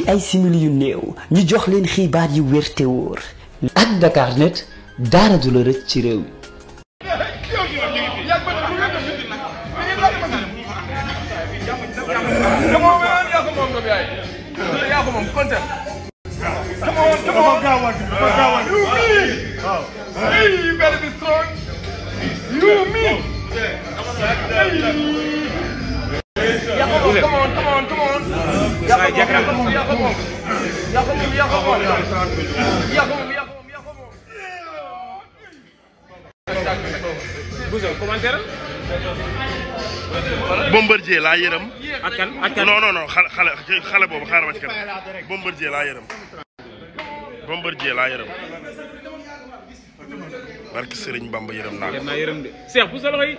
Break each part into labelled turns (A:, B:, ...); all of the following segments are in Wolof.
A: ci ay simili yu néew ñu jox leen xibaar yu wér te wóor. ak Dakarnet daara du la rëcc ci réew mi. Come on, come on, come on. ji laa yërëm. ak kan ak xale xale xale boobu xaaral ma ci kanam. Bombardier laa yërëm. Bombardier laa yërëm. barke Serigne Bamba yërëm naa yërëm de. Cheikh bu sa yi.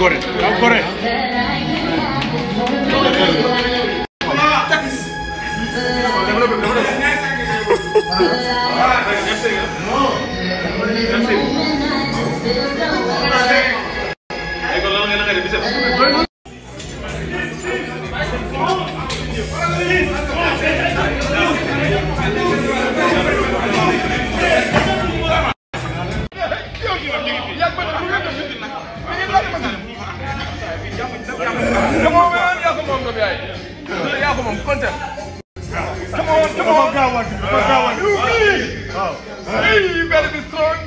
A: gore yaa gore Thank you. yaay loolu yaa ko moom kontaan. come on come on you me you better be strong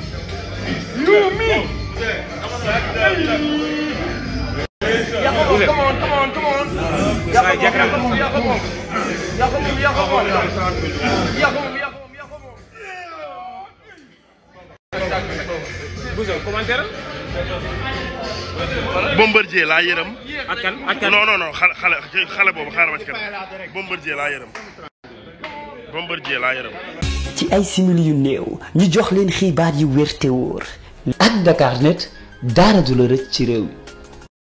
A: you me yaa ko moom come on come on come on yaa ko moom yaa ko moom yaa ko moom yaa ko moom yaa ko moom Boucher commentaire Bombardier laa yërëm. ak kan ak kan non non non xale xale xale boobu xaaral ma ci kanam Bombardier laa yërëm. Bombardier laa ay simili yu néew ñu jox leen xibaar yu wér te wóor. ak Dakarnet dara du la ci réew mi.